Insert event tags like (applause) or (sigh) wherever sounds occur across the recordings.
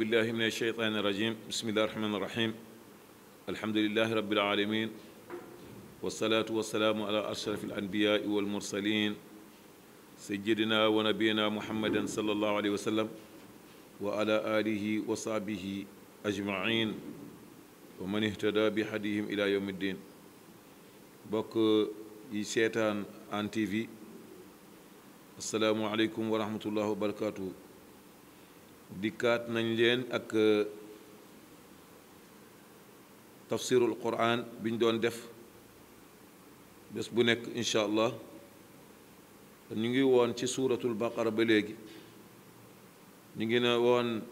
بالله من الشيطان الرجيم بسم الله الرحمن الرحيم الحمد لله رب العالمين والصلاة والسلام على أشرف الأنبياء والمرسلين سيدنا ونبينا محمد صلى الله عليه وسلم وعلى آله وصحبه أجمعين ومن اهتدى بحديهم إلى يوم الدين بك شيطان عن تي في السلام عليكم ورحمة الله وبركاته dikkaat nañ leen ak euh, tafsirul quran bi ñu doon def bés bu nekk incha allah ñu ngi woon ci suuratul baqara ba léegi ñu ngi ne woon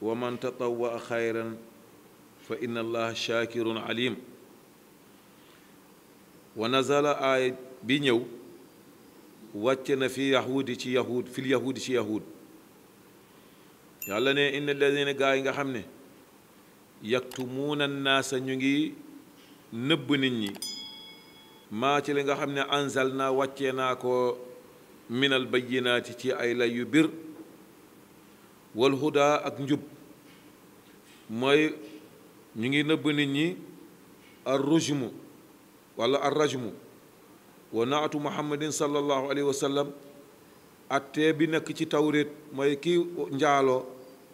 wa man tatawwa fa inna allaha shaakirun alim wa nazala aaya bi ñëw wàcce na fi yahudi ci yahud fil yahudi ci yahud yàlla ne inna lazina gaa yi nga xam ne yaktumuuna naasa ñu ngi nëbb nit ñi maa ci li nga xam ne anzal naa wàccee naa ko minal bayinaati ci ay lay yu bir walhuda ak njub mooy ñu ngi nëbb nit ñi ar rojmu wala ar rajmu wa naatu muhammadin sal allahu alayhi wa sallam attee bi nekk ci tawrit mooy ki njaaloo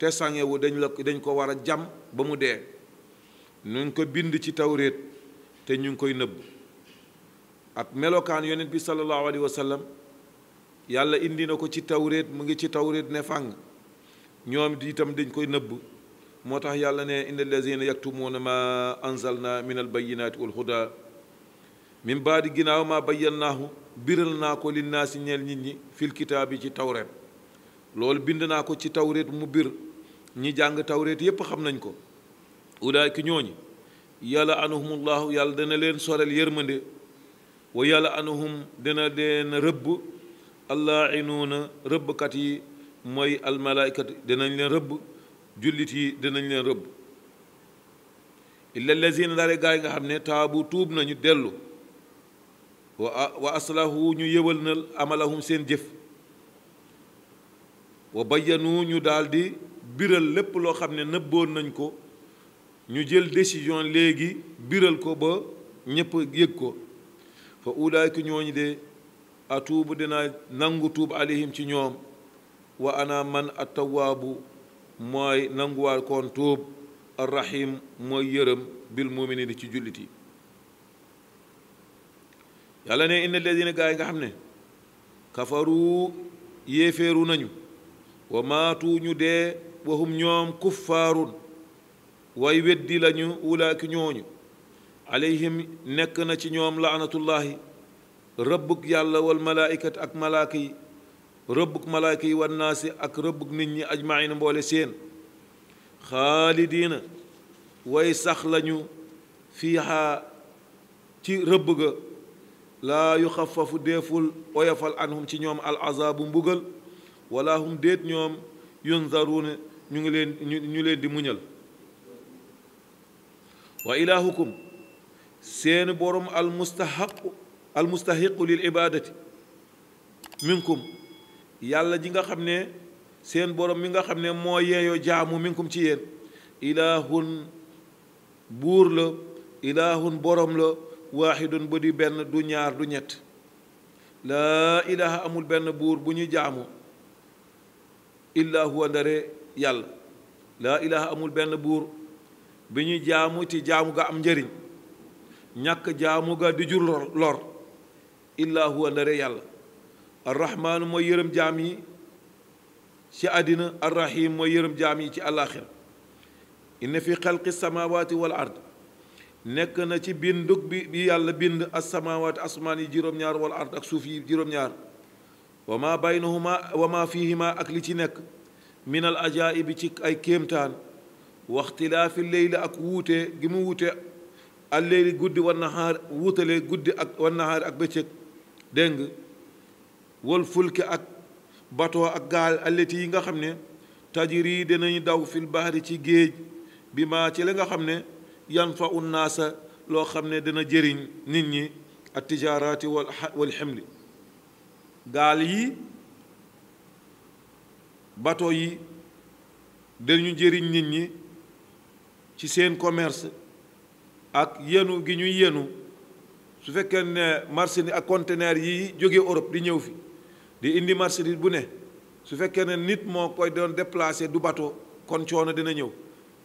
testangé wu dañ la dañ ko war a jàmm ba mu dee ñu ngi ko bind ci tawréet te ñu ngi koy nëbb ak melokaan yonent bi sallallahu alayhi wa yàlla indi na ko ci tawréet mu ngi ci tawréet ne fàng ñoom di itam dañ koy nëbb moo tax yàlla ne inna allazina yaktumuuna ma anzalna min albayinati walhuda min baadi ginnaaw ma bayyannaahu biral naa ko linnaasi ñeel nit ñi fil kitaabi ci tawreet loolu bind naa ko ci tawreet mu bir ñi jàng tawreet yépp xam nañ ko ulaayka ñooñu yàlla anuhumullahu yàlla dana leen soreel yërmande wa yàlla anuhum dina leen rëbb allaa'inuuna rëbbkat yi mooy almalaayikat dinañ leen rëbb jullit yi dinañ leen rëbb illa lazina ndare gaa yi nga xam ne taabu tuub nañu dellu wa wa aslahu ñu yëwal na amalahum seen jëf wa bayyanu ñu daldi biral lépp loo xam ne nëbboon nañ ko ñu jël décision léegi biral ko ba ñëpp yëg ko fa ulaayka ñooñu de atuubu dinaa nangu tuub alayhim ci ñoom wa ana man attawaabu mooy nanguwaal koon tuub arrahim mooy yërëm bil muminina ci jullit yi yàlla ne inna alladina gaa yi nga xam ne kafaru yéeféeru nañu wa maatu ñu dee وهم نيوم كفار واي ودي لا نيو اولاك نيوني عليهم نكنا تي نيوم لعنه الله ربك يالا والملائكه اك ملائكه ربك ملائكه والناس اك ربك نيت ني اجمعين مبولي سين خالدين واي سخ لا نيو فيها تي ربك لا يخفف ديفول ويفال عنهم تي نيوم العذاب مبغل ولا هم ديت نيوم ينذرون ñu ngi leen ñu leen di muñal wa ilaahukum seeni borom almustahaqu almustahiqu lil ibaadati minkum yàlla ji nga xam ne seen boroom mi nga xam ne moo yeeyoo jaamu minkum ci yéen ilaahun buur la ilaahun boroom la waaxidun bu di benn du ñaar du ñett laa ilaaha amul benn buur bu ñu jaamu illaa huwa ndare yàlla laa ilaha amul benn buur bi ñuy jaamu ci jaamu ga am njariñ ñàkk jaamu ga di jur lor illaa huwa ndare yàlla arrahmaanu mooy yërëm jaam yi ci àddina arrahim mooy yërëm jaam yi ci àllaaxira inna fi xalqi samawaati wal ard nekk na ci bindug bi bi yàlla bind asamawaati asmaan yi juróom-ñaar wal ard ak suuf yi juróom-ñaar wa ma baynahuma wa ma fihima ak li ci nekk min al ajaa'ibi ci ay kéemtaan waxtilaafi leyli ak wuute gi mu wuute al guddi wan nahaar wuutale guddi ak wan ak bëccëg dégg nga fulki ak bato ak gaal allati yi nga xam ne tajiri dinañu daw fil bahri ci géej bi maa ci la nga xam ne yan fa un loo xam ne dina jëriñ nit ñi at tijaaraati wal wal xemli gaal yi bateau yi dañu jëriñ nit ñi ci seen commerce ak yenu gi ñuy yenu su fekkee ne marchandise ak conteneur yi jóge Europe di ñëw fi di indi marchandise bu ne su fekkee ne nit moo koy doon déplacé du bateau kon coono dina ñëw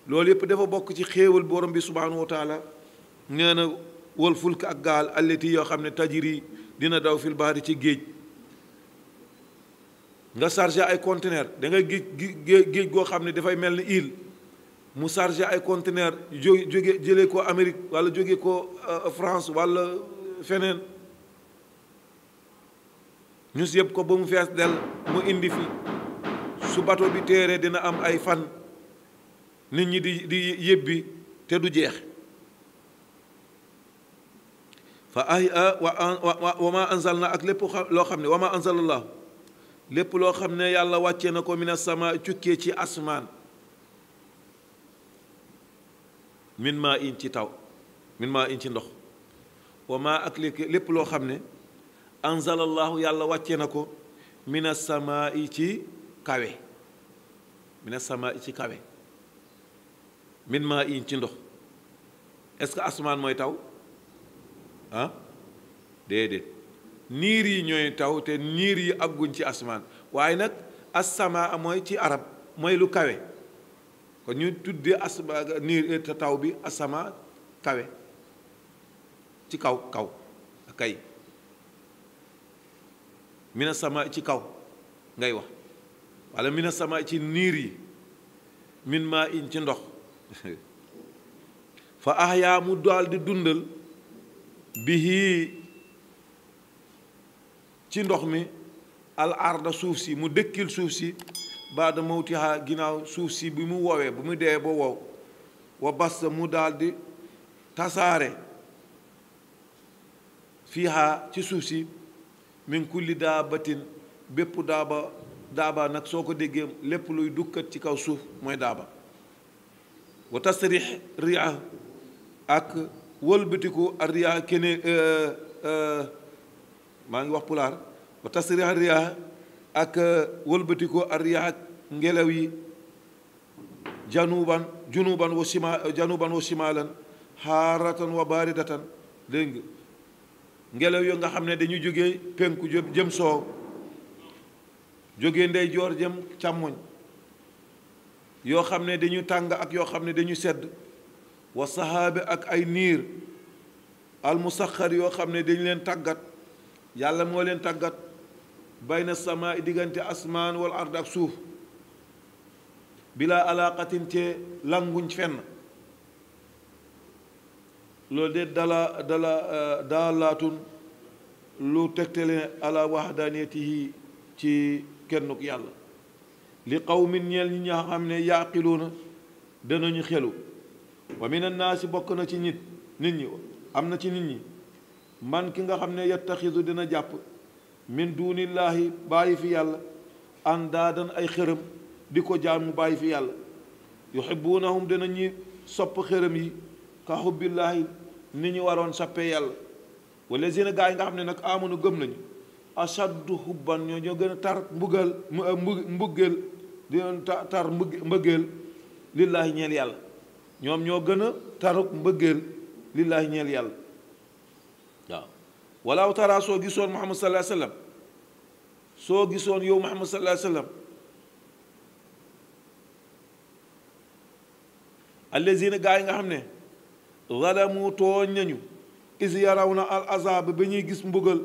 loolu yëpp dafa bokk ci xéewal borom bi subhaanahu wa taala nee na wal fulk ak gaal allati yoo xam ne tajiri dina daw fil ci géej nga chargé ay conteneur dangay nga géej géej goo xam ne dafay mel ni île mu chargé ay conteneur jó jóge jële ko Amérique wala jóge ko euh, France wala feneen ñus yëpp ko ba mu fees del mu indi fi su bato bi téeree dina am ay fan nit ñi di di yëbbi te du jeex fa ay euh, wa ma anzal na ak lépp loo xam ne wa ma la lépp loo xam ne yàlla wàcce na ko mina sama cukkee ci asmaan min maa in ci taw min maa in ci ndox wa maa ak lépp loo xam ne anzalallahu yàlla wàcce na ko mina sama i ci kawe mina sama i ci kawe min maa in ci ndox est-ce que asmaan mooy taw ah déedéet niir yi ñooy taw te niir yi agguñ ci asmaan waaye nag assamaa mooy ci arab mooy lu kawe kon ñu tudd asma niir taw bi asama kawe ci kaw kaw kay mina sama ci kaw ngay wax wala mina sama ci niir yi min maa in ci ndox (laughs) fa ahyaa mu daal dundal bihi ci ndox mi al arda suuf si mu dëkkil suuf si baada mawtiha ginnaaw suuf si bi mu woowee bu mu dee ba wow wa bas mu daldi tasaare fiiha ci suuf si min kulli daabatin bépp daaba daaba nag soo ko déggee lépp luy dukkat ci kaw suuf mooy daaba wa tasrix ria ak wëlbatiku ak ria kene euh, euh, maa ngi wax pulaar wa tasri riyaa ak euh, wëlbatikoo ak ak ngelaw yi januban junuban wa shima januban wa shimalan xaaratan wa ngelaw yo nga xam ne dañu jógee penku jëm soow jóge ndeyjoor jëm càmmoñ yoo xam ne dañu tàng ak yoo xam ne dañu sedd wa sahaabi ak ay niir almusaxar yoo xam ne dañu leen tàggat yàlla moo leen tàggat na sama diggante asmaan wal ard ak suuf bilaa alaaqatin te fenn loolu de dala dala euh, daalaatun lu tegtale ala waxdaaniyatihi ci kennuk yàlla li qawmin ñeel ñi nga xam ne yaaqiluuna danañu xelu wa min annaasi bokk na ci nit nit ñi am na ci nit ñi man ki nga xam ne yattaxisu dina jàpp min duunillaahi bàyyi fi yàlla àndaadan ay xërëm di ko jaamu bàyyi fi yàlla yuhibbunahum dina ñi sopp xërëm yi ka xubbillaahi ni ñu waroon sappee yàlla wala zina yi nga xam ne nag amunu gëm nañu ashaddu xubban ñoo gën a tar mbugal euh, mbuggeel di tar mbëggeel lillaahi ñeel yàlla ñoom ñoo gën a taruk mbëggeel lillaahi ñeel yàlla ولو ترى سو جسون محمد صلى الله عليه وسلم سو جسون يوم محمد صلى الله عليه وسلم الذين غاي nga xamne ظلموا توغنيو اذ يرون العذاب بني غيس مبوغل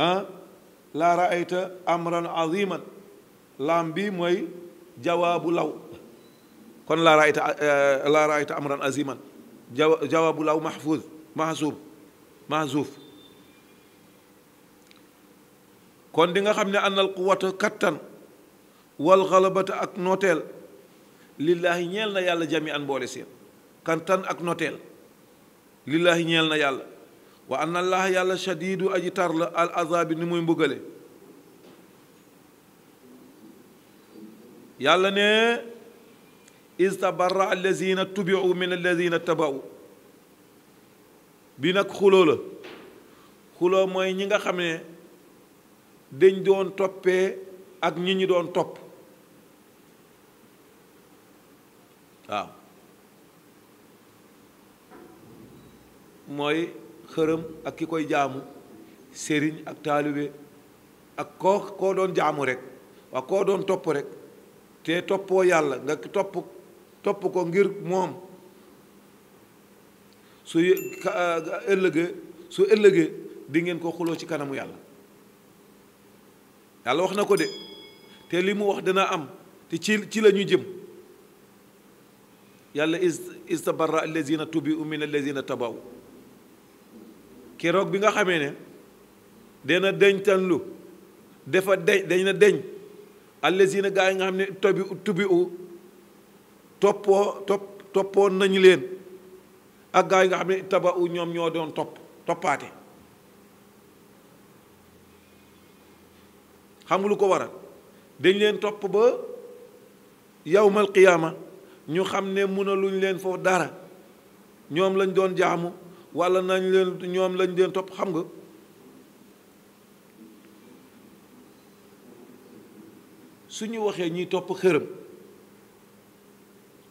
ها لا رايت امرا عظيما لامبي موي جواب لو كون لا رايت لا رايت امرا عظيما جواب لو محفوظ محذوف محذوف kon di nga xam ne ànnal quwata kattan wal xalabata ak noteel lillahi ñeel na yàlla jami an boole seen kan tan ak noteel lillahi ñeel na yàlla wa anna allaha yàlla shadiidu aji tar la al azaabi ni muy mbugale yàlla ne istabarra allazina tubiu min allazina tabau bi nag xuloo la xuloo mooy ñi nga xam ne dañ doon toppee ak ñi ñu doon topp waaw mooy xërëm ak ki koy jaamu sëriñ ak taalibe ak koo koo doon jaamu rek waa koo doon topp rek te toppoo yàlla nga topp topp ko ngir moom su ëllëgee su ëllëgee di ngeen ko xuloo ci kanamu yàlla yàlla wax na ko de te li mu wax dana am te ci ci la ñu jëm yàlla is istabarra allazina tubiu min allazina tabaw keroog bi nga xamee ne dena dana deñtanlu dafa deñ dañ na deñ allazina gaa yi nga xam ne tubi u toppoo topp toppoon nañu leen ak gaa yi nga xam ne tabaw ñoom ñoo doon topp toppaate xam nga lu ko wara dañ leen topp ba yawmal qiyaama ñu xam ne mënaluñ leen foofu dara ñoom lañ doon jaamu wala nañ leen ñoom lañ leen topp xam nga su ñu waxee ñuy topp xërëm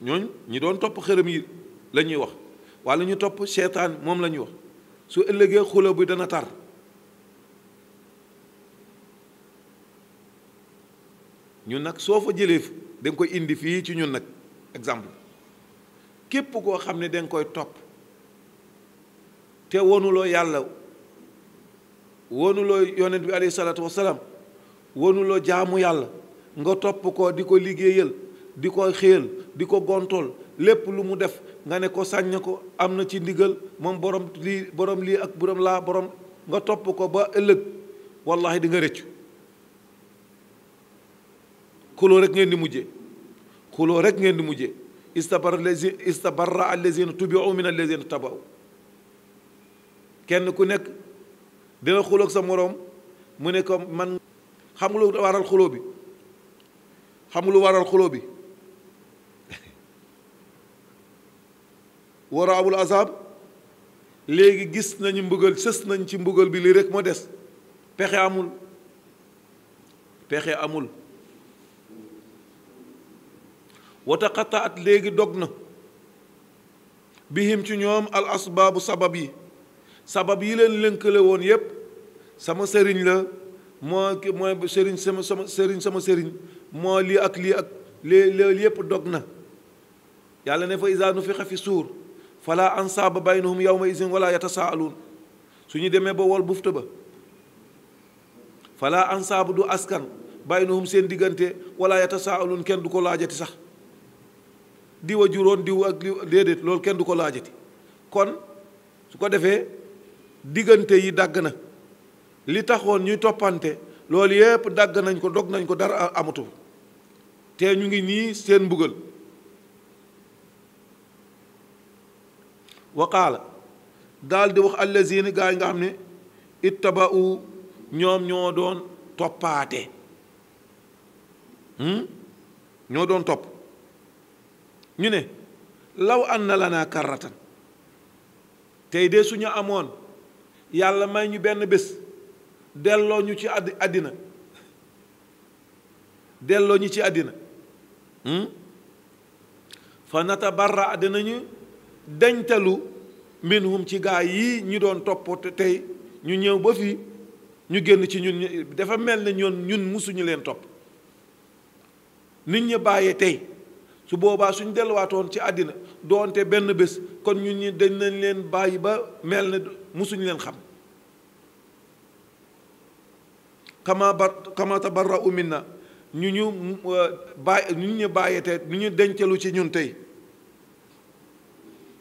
ñooñ ñi doon topp xërëm yi la ñuy wax walla ñu topp seetaan moom la ñuy wax su ëllëgee xula bi dana tar ñun nag soo fa jëlee da nga koy indi fii ci ñun nag exemple képp koo xam ne danga koy topp te wonuloo yàlla wonuloo yonent bi alayhi salaatu wasalaam wonuloo jaamu yàlla nga topp ko di ko liggéeyal di ko xëyal di ko gontool lépp lu mu def nga ne ko sàññ ko am na ci ndigal moom borom lii borom lii ak borom laa borom nga topp ko ba ëllëg wallahi di nga rëccu xuloo rek ngeen di mujje xuloo rek ngeen di mujje istabar lezi istabarra allazina tubiu min allazina tabaw kenn ku nekk dina xuloog sa moroom mu ne ko man xam lu waral xuloo bi xam lu waral xuloo bi wara abul azab léegi gis nañu mbugal sës nañ ci mbugal bi lii rek moo des pexe amul pexe amul wataqataat léegi dog na bihim ci ñoom al asbaabu sabab yi sabab yi leen lënkale woon yépp sama sëriñ la moo mooy sëriñ sama sama sëriñ sama sëriñ moo lii ak lii ak lii loolu yépp dog na yàlla ne fa isa nufixa fi suur fala ansaaba baynahum yawma isin wala yatasaaluun su ñu demee ba wol bufta ba fala ansaaba du askan baynahum seen diggante wala yatasaaluun kenn du ko laajati sax diwa juróon diw ak diw déedéet loolu kenn du ko laajati kon su ko defee diggante yi dagg na li taxoon ñuy toppante loolu yépp dagg nañ ko dog nañ ko dara amatu te ñu ngi nii seen mbugal waqaala daldi di wax allazina gaa yi nga xam ne ittaba'u ñoom ñoo doon toppaate hmm? ñoo doon topp ñu ne law an na lanaa karratan tey de suñu amoon yàlla may ñu benn bés delloo ñu ci àddina delloo ñu ci àddina hmm? fa natabarra dencalu dañtalu minhum ci gaa yi ñu doon toppoo te tey ñu ñëw ba fii ñu génn ci ñun dafa mel ne ñoon ñun musuñu leen topp nit ñi bàyyee tey su boobaa suñ delluwaatoon ci àddina doonte benn bés kon ñun ñi dañ nañ leen bàyyi ba mel ne musuñu leen xam kama ba na tabarra'u minna ñu ñu bàyyi ñu ñu dencalu ci ñun tey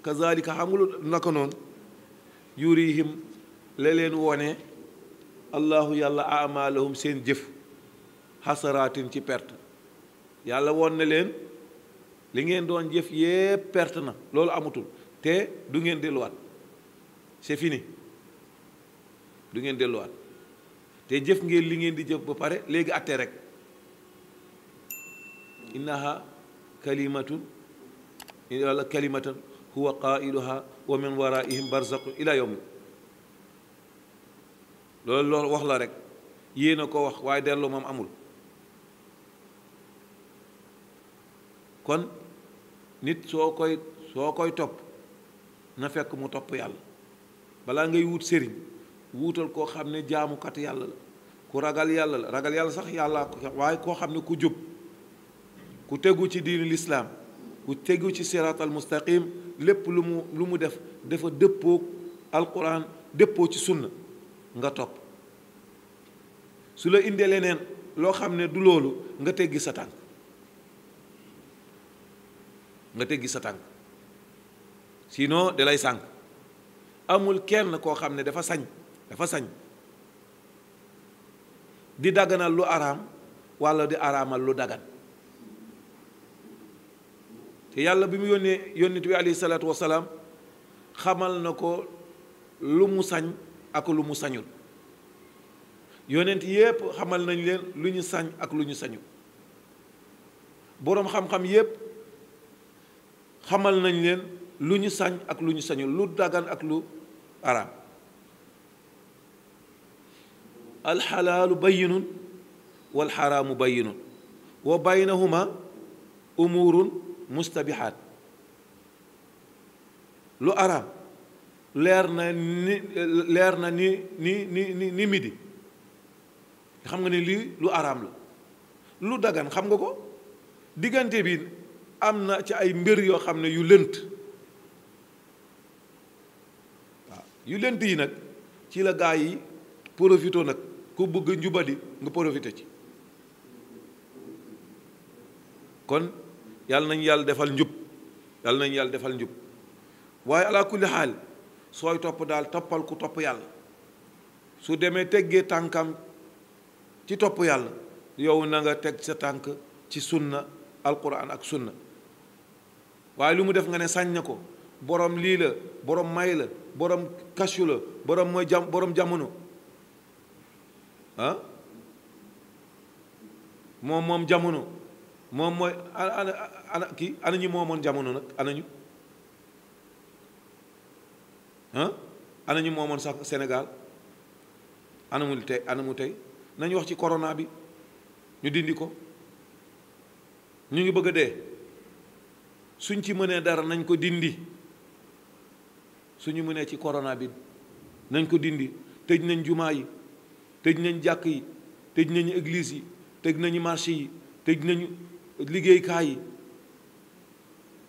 kazalika xamul naka noonu yurihim la leen wone allahu yàlla amalahum seen jëf xasaraatin ci perte yàlla woon na leen li ngeen doon jëf yépp perte na loolu amatul te du ngeen delluwaat c'est du ngeen delluwaat te jëf ngeen li ngeen di jëf ba pare léegi atte rek innaha kalimatun wala kalimatan huwa qailuha wa min waraihim barzaqun ila yawmi loolu loolu wax la rek yéen a ko wax waaye delloo moom amul kon nit soo koy soo koy topp na fekk mu topp yàlla balaa ngay wut sëriñ wuutal koo xam ne jaamukat yàlla la ku ragal yàlla la ragal yàlla sax yàlla waaye koo xam ne ku jub ku tegu ci diini lislaam ku tegu ci siraatal mustaqim lépp lu mu lu mu def dafa dëppoo alquran dëppoo ci sunna nga topp su la indee leneen loo xam ne du loolu nga teggi sa tànk nga teggi sa tànk sinon da lay amul kenn koo xam ne dafa sañ dafa sañ di daganal lu araam walla di araamal lu dagan te yàlla bi mu yónnee yónnit bi alayhi salaatu xamal na ko lu mu sañ ak lu mu sañul yónnent yépp xamal nañ leen lu ñu sañ ak lu ñu sañul boroom xam-xam yépp xamal nañ leen lu ñu sañ ak lu ñu sañul lu daggan ak lu araam alxalaalu bayinun walxaraamu bayinun wa baynahuma umuurun mustabihaat lu araam leer na ni leer na ni ni ni ni midi xam nga ne lii lu araam la lu dagan xam nga ko diggante bi am na ci ay mbir yoo xam ne yu lënt waaw yu lënt yi nag ci la gaa yi profité nag ku bëgg njubadi nga profité ci kon yàlla nañu yàlla defal njub yàlla nañu yàlla defal njub waaye ala kulli xaal sooy topp daal toppal ku topp yàlla su demee teggee tànkam ci topp yàlla yow na nga teg sa tànk ci sunna alquran ak sunna waaye li mu def nga ne sañ na ko boroom lii la borom may la borom kasu la borom mooy jam boroom jamono ah? moom moom jamono moom mooy ana ana ana ñu moomoon jamono nag ana ñu ah? ñu moomoon sax Sénégal ana mu tey ana mu tey nañu wax ci corona bi ñu dindi ko ñu ngi bëgg a dee. suñ ci mënee dara nañ ko dindi suñu mënee ci corona bi nañ ko dindi tëj nañ jumaa yi tëj nañ jàkk yi tëj nañu église yi tëj nañu marché yi tëj nañu liggéeykaay yi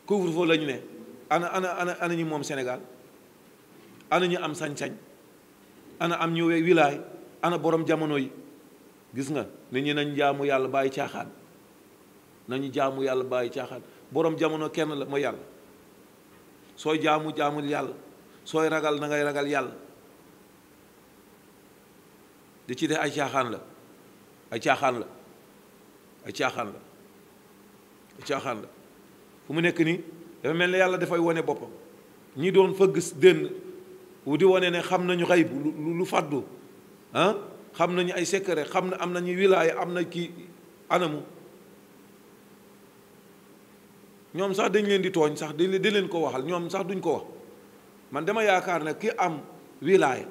couvre-feu lañu ne ana ana ana ana ñi moom senegal ana ñu am sañ-sañ ana am ñu wilaay ana borom jamono yi gis nga nit ñi nañ jaamu yàlla bàyyi caaxaan nañu jaamu yàlla bàyyi caaxaan boroom jamono kenn la mooy yàlla sooy jaamu jaamul yàlla sooy ragal nangay ragal yàlla di ci de ay caaxaan la ay caaxaan la ay caaxaan la ay fu mu nekk nii dafa mel ne yàlla dafay wone boppam ñi doon fëgg dënn wu di wone ne xam nañu xayb lu fàddu ah? xam nañu ay secret xam na am nañu wilaaya am na kii anamu ñoom sax dañ leen di tooñ sax di leen ko waxal ñoom sax duñ ko wax man dama yaakaar ne ki am wilaaya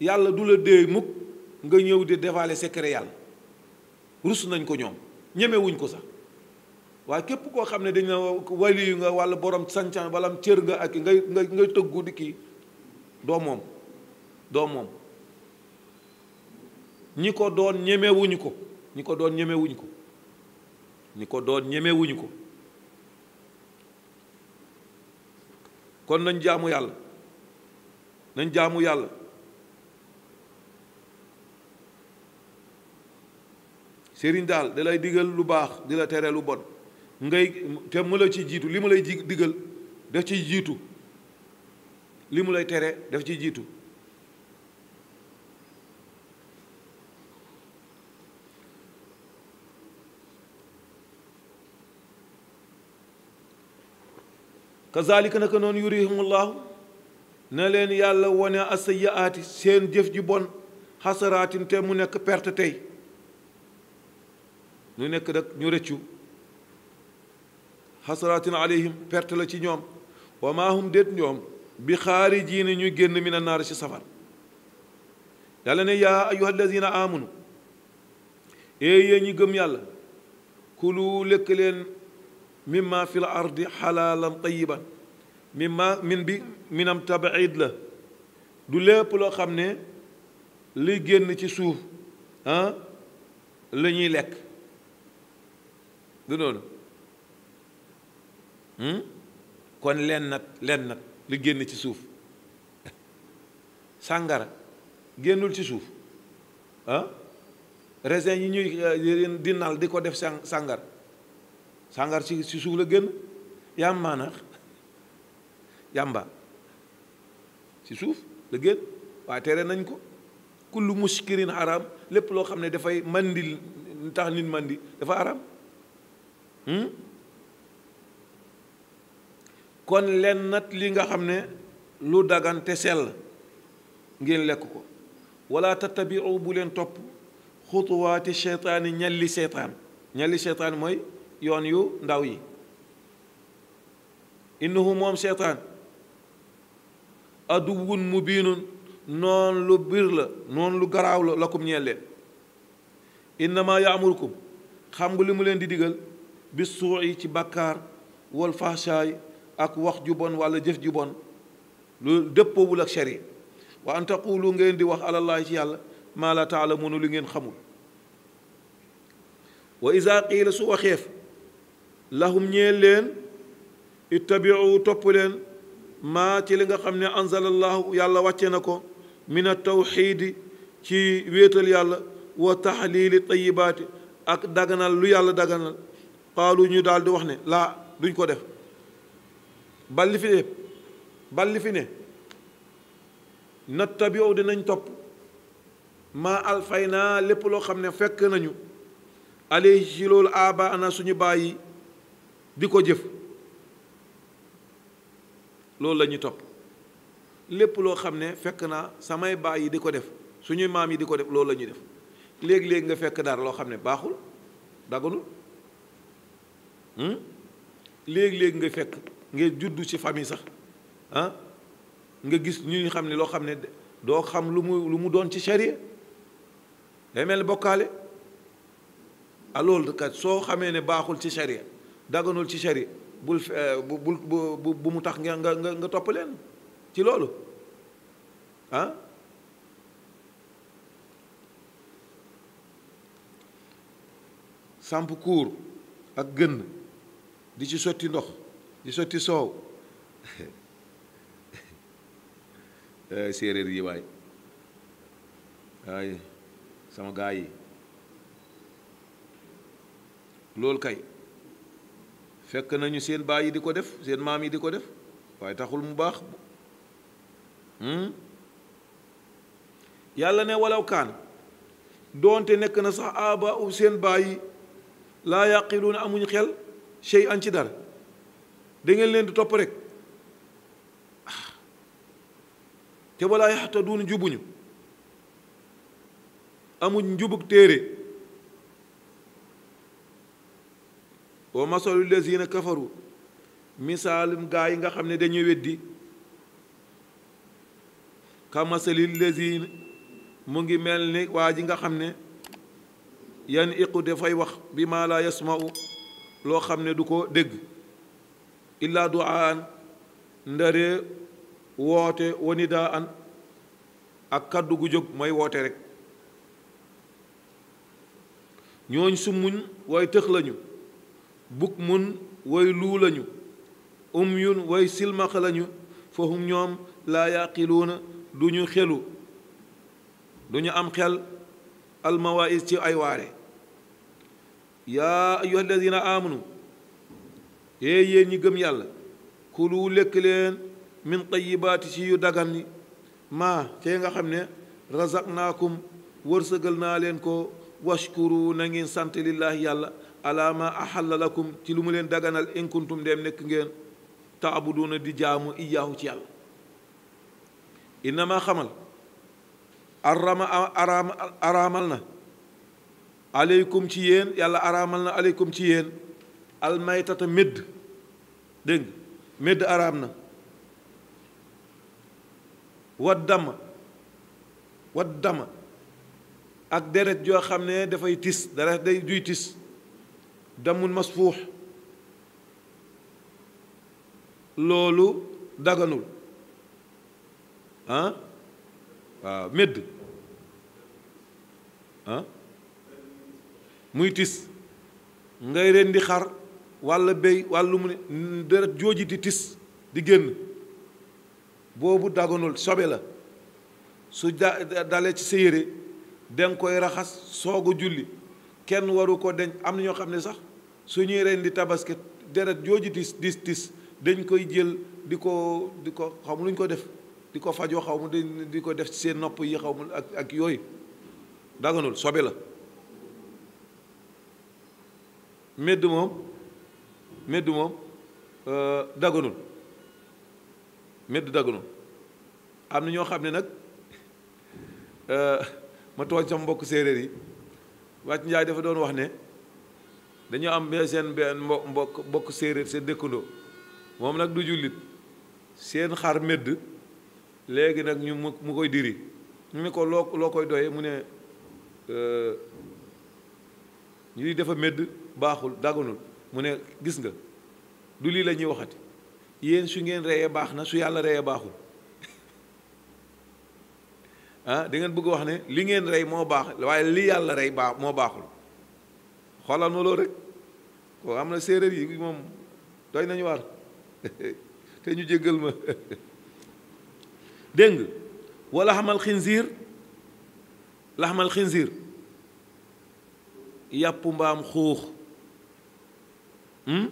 yàlla du la dee mukk nga ñëw di dévaler secret yàlla rus nañ ko ñoom ñemewuñ ko sax waaye képp koo xam ne dañ la wali yu nga walla borom sancan walla cër nga ak ngay ngay ngay tëggu di kii doo moom doo moom ñi ko doon ñemewuñu ko ñi ko doon ñemewuñu ko ñi ko doon ñemewuñu ko kon nañ jaamu yàlla nañ jaamu yàlla sëriñ daal dalay diggal lu baax di la tere lu bon ngay te mu la ci jiitu li mu lay diggal def ciy jiitu li mu lay tere def ciy jiitu kazalika naka noonu yu yurihimullahu na leen yàlla wone asayaati seen jëf ji bon xasaraatin te mu nekk perte tey ñu nekk nag ñu rëccu xasaraatin aleyhim perte la ci ñoom wa maa hum ñoom bi xaarijiina ñu génn mina naar ci safar yàlla ne yaa ayuha allazina amanu ee yéen ñi gëm yàlla kulu lekk leen mimma fi l ardi xalaalan tayiban mimma min bi minam tabaid la du lépp loo xam ne li génn ci suuf ah la ñuy lekk du noonu hmm? kon leen nag leen nag li génn ci suuf (laughs) sàngara génnul ci suuf ah raisin yi ñuy euh, di nal di ko def sàngara sàngar si si suuf la génn yàmbaa nax yàmba si suuf la génn waaye tere nañ ko kullu muskirin haram lépp loo xam ne dafay mandil tax nit dafa haram hmm? kon len li nga xam ne lu dagante sell ngeen lekk ko wala tattabiu bu leen topp xutuwaati seytaani ñalli seetaan ñalli seetaan mooy yoon yu ndaw yi innahu moom seytaan aduwun mubiinun noon lu bir la noon lu garaaw la lakum ñeel leen innama yaamurukum xam nga li mu leen di digal bi suu'i ci bàkkaar wal fahshaay ak wax ju bon wala jëf ju bon lu dëppoowul ak shari wa an taqulu ngeen di wax alallahi ci yàlla maa la taalamuuna lu ngeen xamul wa iza qiila su waxeef lahum ñeel leen ittabiu topp leen maa ci li nga xam ne anzalallahu yàlla wàcce na ko min a tawxiidi ci wéetal yàlla wa taxliili tayibaati ak daganal lu yàlla daganal qaalu ñu daal di wax ne laa duñ ko def bal li fi ne bal li fi ne nattabiu dinañ topp maa alfay lépp loo xam ne fekk nañu alayhi ci loolu aaba suñu bàyyi di ko jëf loolu la ñuy topp lépp loo xam ne fekk naa samay baay yi di ko def suñuy maam yi di ko def loolu la ñuy def léegi-léegi nga fekk dara loo xam ne baaxul daganul hmm? léegi-léegi nga fekk nga juddu ci famille sax ah nga gis ñu xam ne loo xam ne doo xam lu mu lu mu doon ci charia day mel ni bokkaale aloolu ah, loolu soo xamee ne baaxul ci charia daganul ci shari bul eh, bul bu bu mu tax nga nga nga topp leen ci loolu ah samp kuur ak gën di ci sotti ndox di sotti soow (laughs) eh, séeréer yi waay waay sama gaa yi loolu kay fekk nañu seen baay yi di ko def seen maam yi di ko def waaye taxul mu baax hmm? yàlla ne walaw kaan doonte nekk na sax aba u seen baay yi laa yaqiluuna amuñ xel sey an ci dara da leen di topp rek ah. te walaa yaxtaduun jubuñu amuñ njubug téere wa masalu lazina kafaru misalum gaay nga xamne dañu weddi ka masalil lazina mu ngi melni waaji nga xamne yan iqu de fay wax bima la yasma'u lo xamne du ko deg illa du'an ndare wote wonida an ak kaddu gu jog moy wote rek ñooñ sumuñ way tex lañu bukmun way luu lañu umyun way silmaxa lañu fahum ñoom laa yaqiluuna du ñu xelu du ñu am xel almawaïs ci ay waare yaa ayuha alladina aamanu yee yéen ñi gëm yàlla kulu lekk leen min tayibaati ci yu dagan maa fee nga xam ne razaqnaakum wërsëgal naa leen ko washkuru na ngeen sant lillaahi yàlla ala ma axalla lakum ci lu mu leen daganal in kuntum dem nekk ngeen taabuduuna di jaamu iyaahu ci yàlla innama xamal arama araam araamal na ci yéen yàlla araamal na ci yéen almaytata médd dégg médd araam na wa dama ak deret joo xam ne dafay tis deret day juy tis damun fuux loolu daganul ah muy tis ngay ren di xar walla béy wàllu mu ne deret jooji di tis di génn boobu daganul sobe la su da dalee ci sa yére danga koy raxas soog a julli kenn waru ko denc am na ñoo xam ne sax su ñuy ren di tabaski deret jooju tis tis tis dañ koy jël di ko di ko xaw ma lu ñu ko def di ko fajoo xaw ma di ko def ci seen nopp yi xaw ma ak ak yooyu daganul sobe la medd moom medd moom euh, daganul medd daganul am na ñoo xam ne nag euh, ma tooñ sama mbokk séeréer yi wàcc njaay dafa doon wax ne dañoo am benn seen benn mbokk mbokk séeréer seen dëkkandoo moom nag du jullit seen xar medd léegi nag ñu mu mu koy diri ñu ne ko loo loo koy doyee mu ne ñu euh, ñuy dafa medd baaxul daganul mu ne gis nga du lii la ñuy waxati yéen su ngeen reyee baax na su yàlla reyee baaxul ah da ngeen bëgg wax ne li ngeen rey moo baax waaye li yàlla rey baax moo baaxul xoolal ma loolu rek ko am na séeréer yi moom tooy nañu waar (laughs) te ñu jéggal ma (laughs) dégg nga wala xamal xinziir la xamal xinziir yàpp mbaam xuux hmm?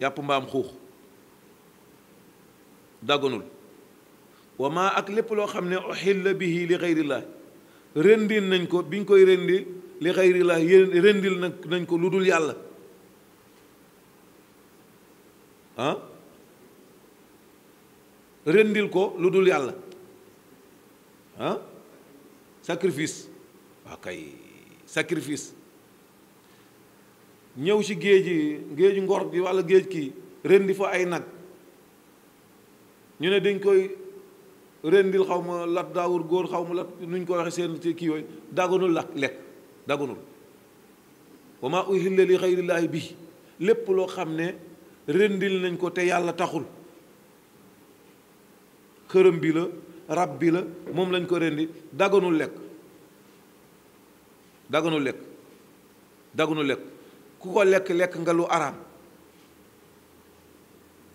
yàpp mbaam xuux dagganul wa ak lépp loo xam ne bi bihi li xayrillah rendil nañ ko biñ koy rendi li xayrillah nag nañ ko lu dul yàlla ah rendil ko lu dul yàlla ah sacrifice waa kay sacrifice ñëw ci géeji géeju ngor bi walla géej kii rendi fa ay nag ñu ne dañ koy rendil xaw ma lat daawur góor xaw ma lat nuñ ko waxee seen kii yooyu daganul la lekk daganul wa maa uhilla li xayrillaahi bi lépp loo xam ne rendil nañ ko te yàlla taxul xërëm bi la rab bi la moom lañ ko rendi daganul lekk daganul lekk daganul lekk ku ko lekk lekk nga lu araam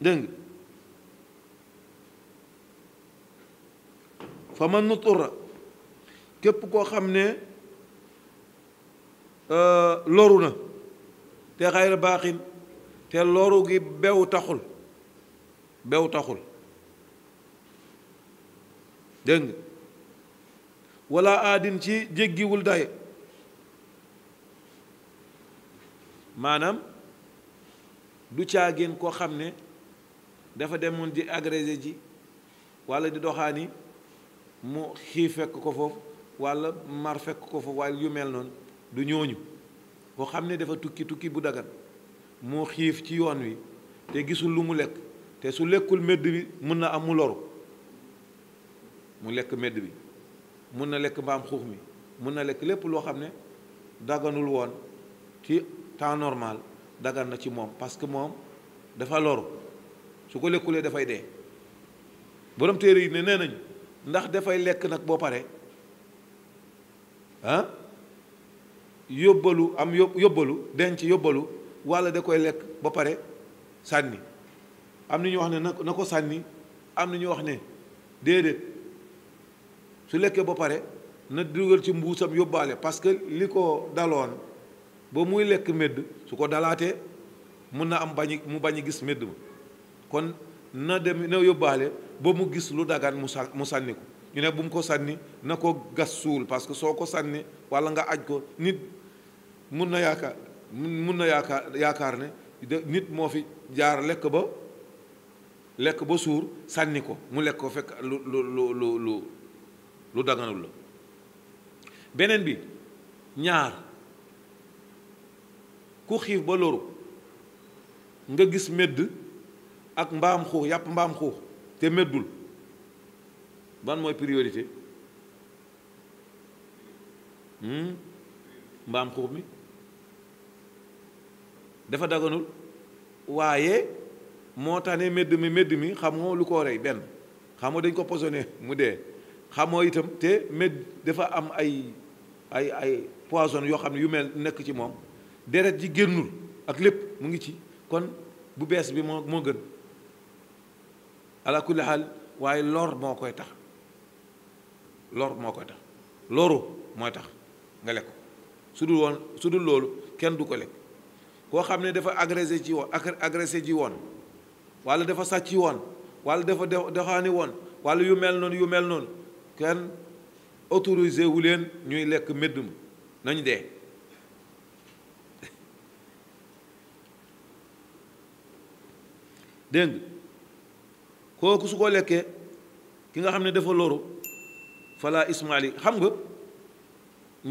dégg fa man nutura képp koo xam ne euh, loru na te xayra baaxin te loru gi bew taxul bew taxul dégg nga wala aadin ci jéggiwul day maanaam du caageen koo xam ne dafa demoon di agressé ji wala di doxaani mu xiif fekk ko foofu walla mar fekk ko foofu walla yu mel noonu du ñooñu koo xam ne dafa tukki tukki bu dagan mu xiif ci yoon wi te gisul lu mu lekk te su lekkul medd bi mën na am mu loru mu lekk medd bi mën na lekk mbaam xuux mi mën na lekk lépp loo xam ne dagganul woon ci temps normal daggan na ci moom parce que moom dafa loru su ko lekkulee dafay dee borom téere yi ne nee nañu ndax dafay lekk nag boo pare ah yóbbalu am yóbbalu denc yóbbalu walla da koy lekk ba pare sànni am na ñu wax ne na ko sànni am na ñu wax ne déedéet su lekkee ba pare na dugal ci mbuusam yóbbaale parce que li ko daloon ba muy lekk médd su ko dalaatee mun na am bañ mu bañ a gis médd ma kon na dem na yóbbaale ba mu gis lu dagaan mu sa mu sànni ko ñu ne bu mu ko sànni na ko gas suul parce que soo ko sànni walla nga aj ko nit mun na yaakaar mun na yaakaar yaakaar ne nit moo fi jaar lekk ba lekk ba suur sànni ko mu lekk ko fekk lu lu lu lu lu la beneen bi ñaar ku xiif ba loru nga gis medd ak mba mkou, yap mba mkou, te medboul. Ban mwen priyolite? Hmm? Mba mkou mi? Defa daganoul? Waye, mwen tane meddimi, meddimi, khamon lukorey, ben. Khamon den kwa pozone, mwede. Khamon item, te, med, defa am ay, ay, ay, poazon yok am yomen nek ki ti mwen. Deret di genoul, ak lep, mwen gichi. Kon, bubes bi mwen geni. ala kulli waaye lor moo koy tax lor moo koy tax loru mooy tax nga lekk su dul woon su dul loolu kenn du ko lekk koo xam ne dafa agressé ci woon agressé ji woon walla dafa sàcc woon walla dafa doxaani woon walla yu mel noonu yu mel noonu kenn autorisé wu leen ñuy lekk méddum nañu dee (laughs) dégg kooku su ko lekkee ki nga xam ne dafa loru fala ismaali xam nga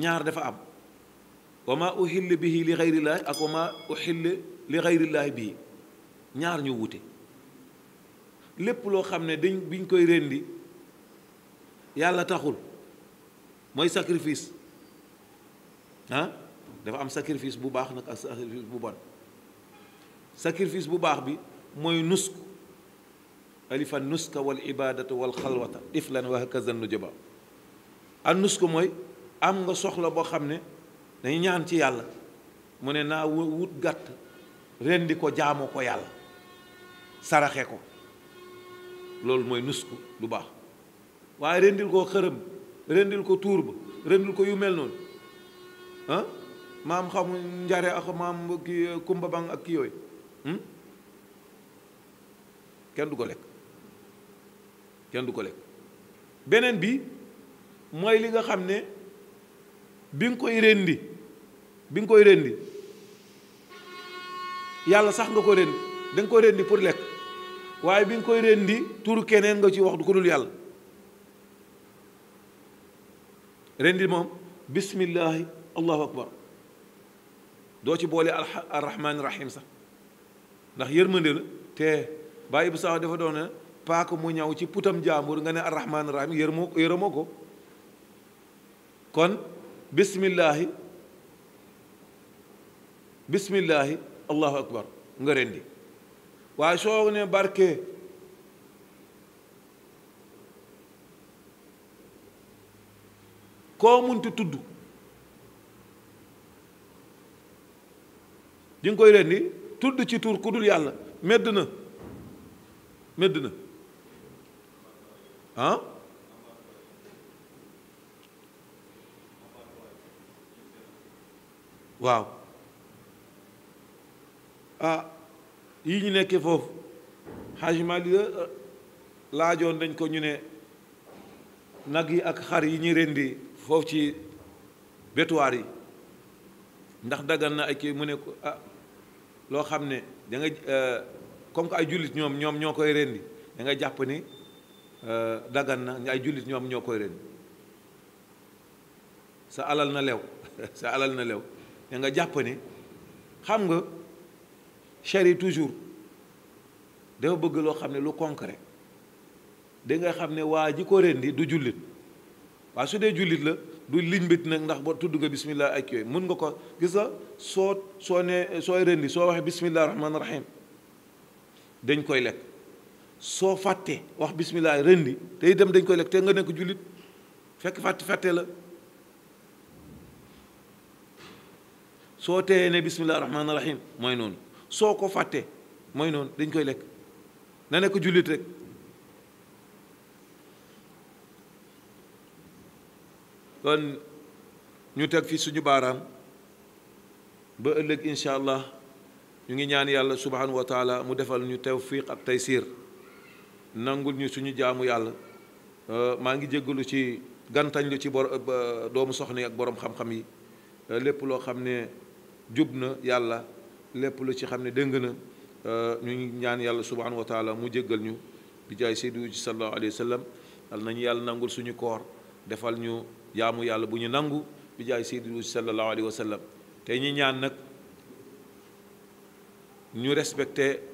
ñaar dafa am wa ma uhilla bihi li xayrillaahi ak wa ma uhilla li xayrillaahi bii ñaar ñu wute lépp loo xam ne dañ biñ koy rendi yàlla taxul mooy sacrifice ah dafa am sacrifice bu baax nag ak sacrifice bu bon sacrifice bu baax bi mooy nusk alifa nuska wal ibadata wal xalwata iflan wa hakaza nujaba an nuska mooy am nga soxla boo xam ne dañu ñaan ci yàlla mu ne naa wut gàtt rendi ko jaamoo ko yàlla saraxe ko loolu mooy nusku lu baax waaye rendil ko xërëm rendil ko tuur ba rendil ko yu mel noonu maam xamu njare ak maam kumba bang ak ki yooyu hmm? kenn du ko lekk kenn du ko lekk beneen bi mooy li nga xam ne bi nga koy rendi bi nga koy rendi yàlla sax nga ko rendi da nga koy rendi pour lekk waaye bi nga koy rendi tur keneen nga ci wax du ko dul yàlla rendi moom bismillahi allahu akbar doo ci boole arrahmaani rahim sax ndax yërmande la te bàyyi bu sax dafa doon ne paaka mu ñaw ci putam jaambur nga ne arrahmaan rahim yërmoo ko kon bismillaahi bismillaahi allahu akbar nga rendi waaye soo ne barke koo munti tudd di nga koy rendi tudd ci tur ku dul yàlla medd na medd na ah waaw ah yi ñu nekkee foofu xaaj Maalik euh, euh, laajoon dañ ko ñu ne nag yi ak xar yi ñu rendi foofu ci bétuwaar yi ndax daggan na ay kii mu ne ko ah loo xam ne da nga euh, comme que ay jullit ñoom ñoom ñoo koy rendi da jàpp ni Euh, dagan na ay jullit ñoom ñoo koy ren sa alal na lew (laughs) sa alal na lew da nga jàpp ne xam nga yi toujours dafa bëgg loo xam ne lu concret da nga xam ne waa ji ko rendi du jullit waa su dee jullit la du limbit nag ndax boo tudd nga bismillah ak yooyu mun nga ko gis nga soo soo ne sooy rendi soo waxee bismillah rahmaani rahim dañ koy lekk soo fàttee wax bismillah rendi tey dem dañ koy lekk te nga nekk jullit fekk fàtte fàtte la soo teeyee ne bismillah rahmaani rahim mooy noonu soo ko fàttee mooy noonu dañ koy lekk na nekk jullit rek kon ñu teg fi suñu baaraam ba ëllëg incha allah ñu ngi ñaan yàlla subhanahu wa taala mu defal ñu tawfiq ak taysir nangul ñu suñu jaamu yàlla euh, maa ngi jéggalu ci gantañ lu ci bor euh, doomu soxna yi ak borom xam-xam yi euh, lépp loo xam ne jub na yàlla lépp lu ci xam ne dëng na ñu ngi ñaan yàlla subhanahu wa taala mu jéggal ñu bi jaay Seydou ji sallallahu alayhi wa sallam al nañu yàlla nangul suñu koor defal ñu jaamu yàlla bu ñu nangu bi jaay Seydou ji sallallahu alayhi wa sallam ñi ñaan nag ñu respecté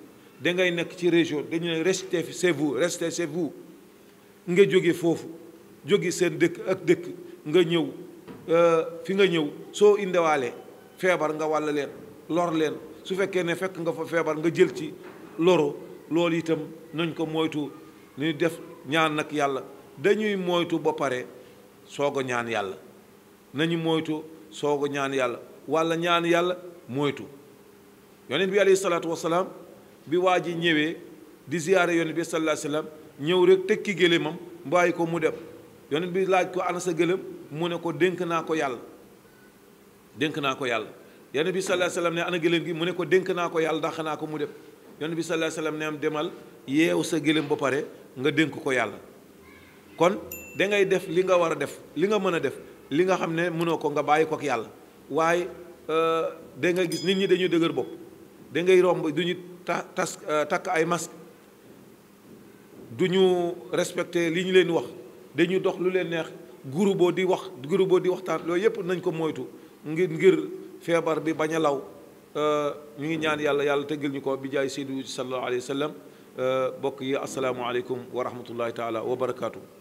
da ngay nekk ci région dañu ne restez chez vous restez chez vous nga jóge foofu jóge seen dëkk ak dëkk nga ñëw euh, fi nga ñëw soo indewaalee feebar nga wàll leen lor leen su fekkee ne fekk nga fa feebar nga jël ci loro loolu itam nañ ko moytu ñu def ñaan nag yàlla dañuy moytu ba pare soog a ñaan yàlla nañu moytu soog a ñaan yàlla walla ñaan yàlla moytu yonent bi alayhi salaatu wasalaam bi waa ji ñëwee di ziyaare yonent bi sallallahu alayhi wasallam ñëw rek tekki gélémam bàyyi ko mu dem yonent bi laaj ko ana sa gëlëm mu ne ko dénk naa ko yàlla dénk naa ko yàlla yonent bi sallallahu alayhi wasallam ne ana gi mu ne ko dénk naa ko yàlla dàq naa ko mu dem yonent bi sallallahu alayhi wasallam ne am demal yeew sa gëlëm ba pare nga dénk ko yàlla kon dangay def li nga war a def li nga mën a def li nga xam ne mënoo ko nga bàyyi ko ak yàlla waaye euh, da nga gis nit ñi dañuy dëgër bopp da romb duñu Eh, tak ay mas duñu respecter li ñu leen wax dañu dox lu leen neex guru bo di wax guru bo di waxtaan loolu yépp nañ ko moytu ngir ngir feebar bi bañ a law eh, ñu ngi ñaan yàlla yàlla tëggal ñu ko bi jaay sidou sallallahu alayhi wasallam eh, bokk yi assalamu alaykum wa rahmatullahi taala wa barakatuh